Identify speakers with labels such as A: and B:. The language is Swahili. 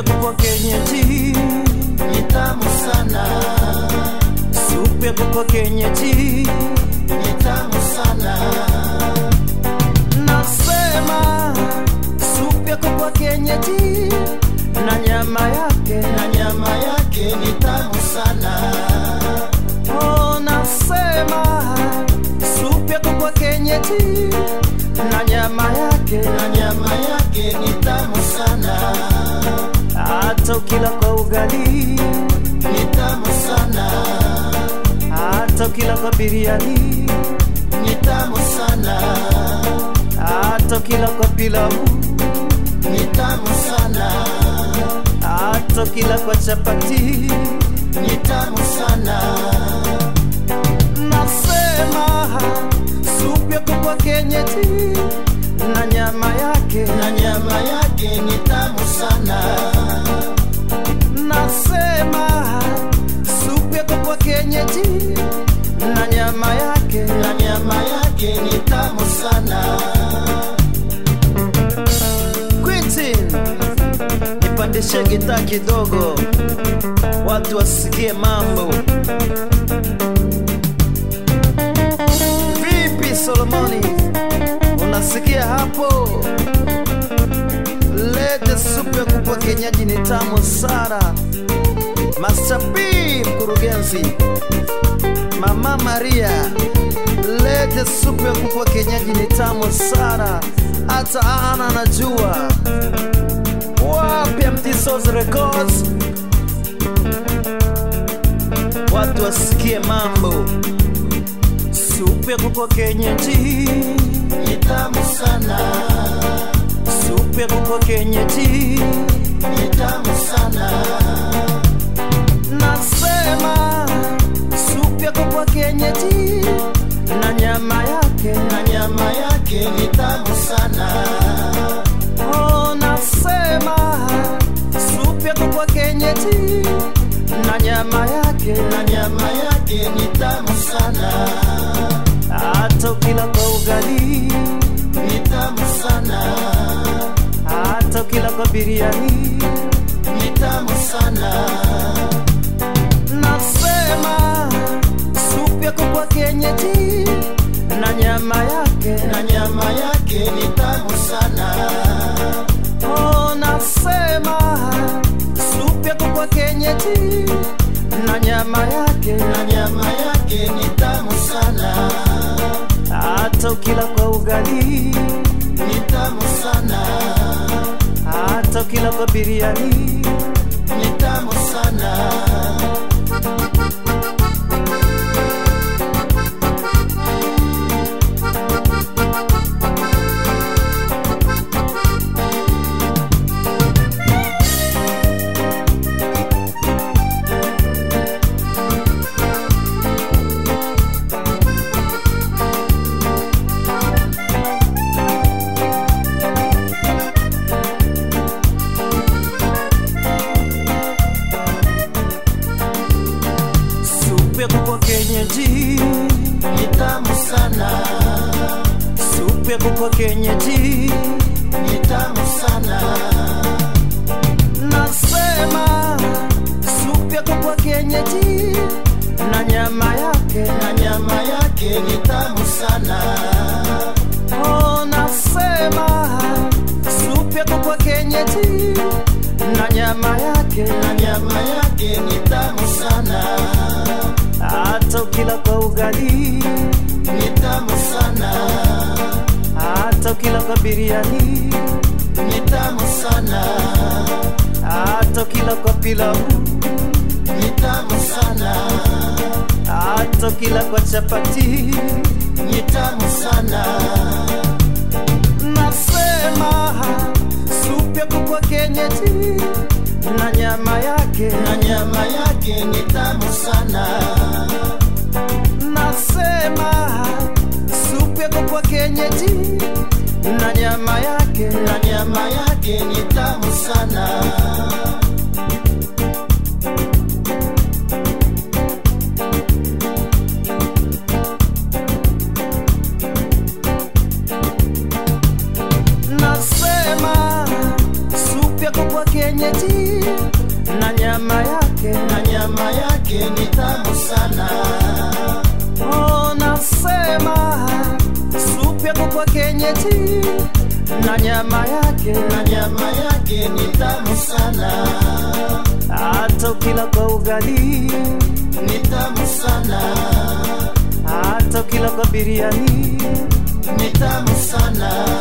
A: ya kuku wa kienyeji sana. Supu ya kuku wa kienyeji sana. Nasema supu ya kuku wa na nyama yake, na nyama yake ni sana. Oh, nasema supu ya kuku wa na nyama yake, na nyama yake ni hata ukila kwa ugali ni tamu sana, hata ukila kwa biriani ni tamu sana, hata ukila kwa pilau ni tamu sana, hata ukila kwa chapati ni tamu sana. Nasema supu yako kwa kienyeji na nyama yake na nyama yake ni tamu sana nasema supu ya kuku kenyeji na nyama yake, na nyama yake ni tamu sana. kwiti nipandishe gita kidogo, watu wasikie mambo. Vipi Solomoni, unasikia hapo? Kidete, supu ya kuku wa kienyeji ni tamu sana. Master B mkurugenzi, Mama Maria, lete supu ya kuku wa kienyeji ni tamu sana, hata ana anajua wapi MD Souls Records, watu wasikie mambo supu ya kuku wa kienyeji ni tamu sana super ya kuku kienyeji ni sana. Nasema super ya kuku kienyeji na nyama yake, na nyama yake nitamu sana. Oh, nasema super ya kuku kienyeji na nyama yake, na nyama yake nitamu sana.
B: Hata
A: ukila kwa ugali ni tamu sana hapa biriani nitamu sana. Nasema supu ya kwa wa kienyeji na nyama yake na nyama yake nitamu sana. Oh, nasema supu ya kwa wa kienyeji na nyama yake na nyama yake nitamu sana. Hata ukila kwa ugali nitamu sana hata ukila kwa biriani Supe kuko kenyeji ni tamu sana. Supe kuko kenyeji ni tamu sana. Nasema supe kuko kenyeji na nyama yake, na nyama yake ni tamu sana. Oh, nasema supe kuko kenyeji na nyama yake, na nyama yake ni tamu sana hata ukila kwa ugali ni tamu sana, hata ukila kwa biriani ni tamu sana, hata ukila kwa pilau ni tamu sana, hata ukila kwa chapati ni tamu sana. Nasema supu ya kuku wa kienyeji na nyama yake, na nyama yake ni tamu sana wa kienyeji na nyama yake, na nyama yake ni tamu sana. Nasema supu ya kuku kienyeji
B: na nyama yake,
A: na nyama yake ni tamu sana. gazeti na nyama yake, na nyama yake ni tamu sana, hata ukila kwa ugali ni tamu sana, hata ukila kwa biriani ni tamu sana.